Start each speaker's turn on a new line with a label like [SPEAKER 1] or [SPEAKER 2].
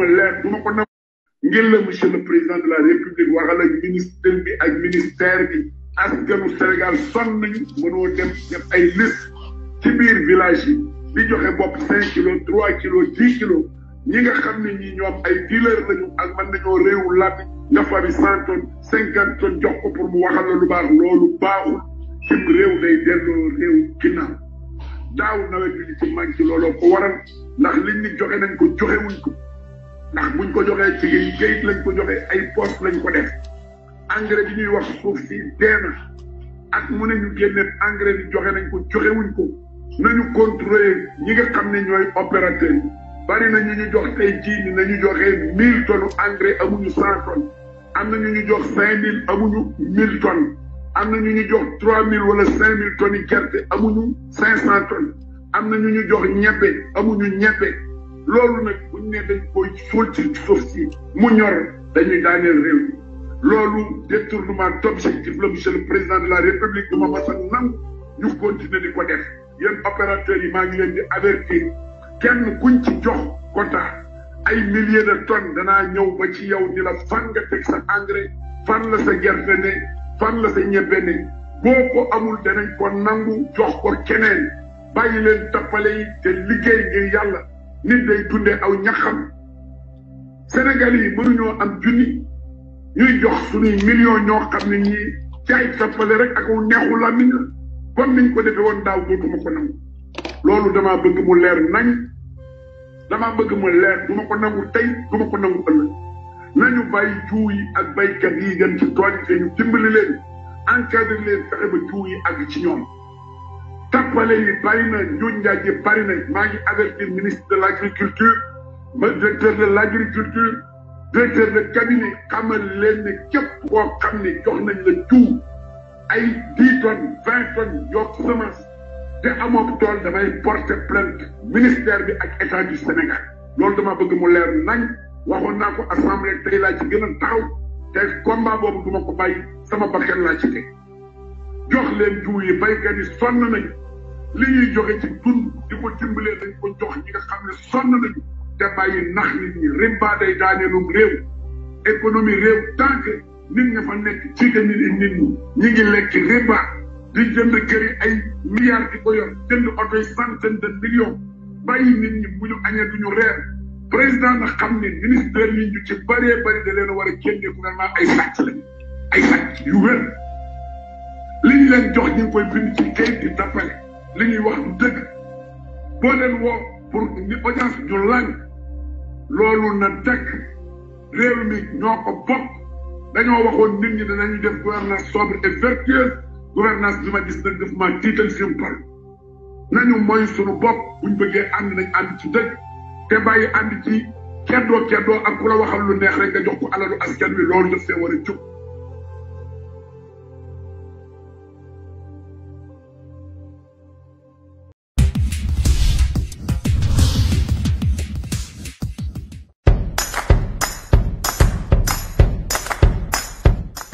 [SPEAKER 1] ma leer du ma ko la monsieur le président de la république waxal ak bi ak ministère bi askanu Sénégal sonn nañu mënoo dem def ay liste ci biir village yi di joxe bopp cinq kilos trois kilos dix kilos ñi nga xam ne ñi ñoom ay dealer lañu ak mën nañoo réewu làmmiñ nga fari cent cinquante tonnes jox ko pour mu waxal la lu baax loolu baaxul cim réew day delloo réew ginnaaw daaw nawet bi ni ci manqué looloo ko waral ndax liñ ni joxe nañ ko joxe ko ndax buñ ko joxee ci yi géej lañ ko joxee ay poste lañ ko def engrais bi ñuy wax suuf si dee na ak mu ne ñu génne engrais bi joxe nañ ko joxe wuñ ko ñu contrôler ñi nga xam ne ñooy opérateur yi bari na ñu ñu jox tey jii ni nañu joxe mille tonnes engrais amuñu cent tonnes am na ñu ñu jox cinq mille amuñu mille tonnes am na ñu ñu jox trois mille wala cinq mille tonnes yi gerte amuñu cinq cent tonnes am na ñu ñu jox ñebbe amuñu ñebbe loolu nag buñ ne dañ koy fóol ci suuf si mu ñor ñore dañuy daaneel réew mi loolu détournement d'objectif la monsieur le président de la république du ma masa nangu ñu continuer di ko def yéen opérateurs yi maa ngi leen di avertir kenn kuñ ci jox konta ay milliers de tonnes danaa ñëw ba ci yow ni la fan nga teg sa engrais fan la sa gerte ne fan la sa ñebbe ne boo ko amul danañ ko nangu jox ko keneen bàyyi leen tappale yi te liggéey ngir yàlla nit day dundee aw ñaxam Sénégal yi mënuñoo am junni ñuy jox suñuy million ñoo xam ne ñii jaay tappale rek ak aw neexu làmmiñ la kon niñ ko defee woon daaw dootuma ko nangu loolu dama bëgg mu leer nañ damaa bëgg mu leer du ma ko nangu tey du ma ko nangu ëllëg nañu bàyyi jiw yi ak baykat yi dem ci tool yi te ñu dimbali leen encadré leen fexe ba jiw yi àgg ci ñoom tappale yi bari na njuuj njaaj yi bari na maa ngi avertir ministre de l' agriculture ma directeur de l' agriculture directeur de cabinet xamal leen ne képp koo xam ne jox nañ la jiw ay dix tonnes vingt tonnes yokk semence te amoon tool damay porter plainte ministère bi ak état du Sénégal loolu dama bëgg mu leer nañ waxoon naa ko assemblée tey laa ci gën a taxaw te combat boobu duma ko bàyyi sama bakkan laa ci teg jox leen jiw yi baykat yi sonn nañu li ñuy joxe ci dund di ko dimbalee dañ ko jox ñi nga xam ne sonn nañu te bàyyi nax nit ñi riba day daaneelum réew économie réew tant nit ña fa nekk ci nit ñi nit ñi ñu ngi lekk riba di jënd kër yi ay milliards di ko yor jënd oto yi centaine de millions bàyyi nit ñi bu ñu añee du ñu reer président na xam ne ministère yi ñu ci bëree bëri da leen war a génne gouvernement ay sàcc lañu ay sàcc yu wér li ñu leen jox ñu koy bind ci kayit di tappale li ñuy wax lu dëgg boo leen woo pour ni audience ñu lañ loolu na dëkk réew mi ñoo ko bokk dañoo waxoon nit ñi danañu def gouvernance sobre et vertueuse gouvernance bi ma gis nag def ma tiital si par nañu mooy suñu bopp buñ bëggee ànd nañ ànd ci dëgg te bàyyi ànd ci keddoo keddoo ak ku la waxal lu neex rek nga jox ko alalu askan wi loolu daf see war a jub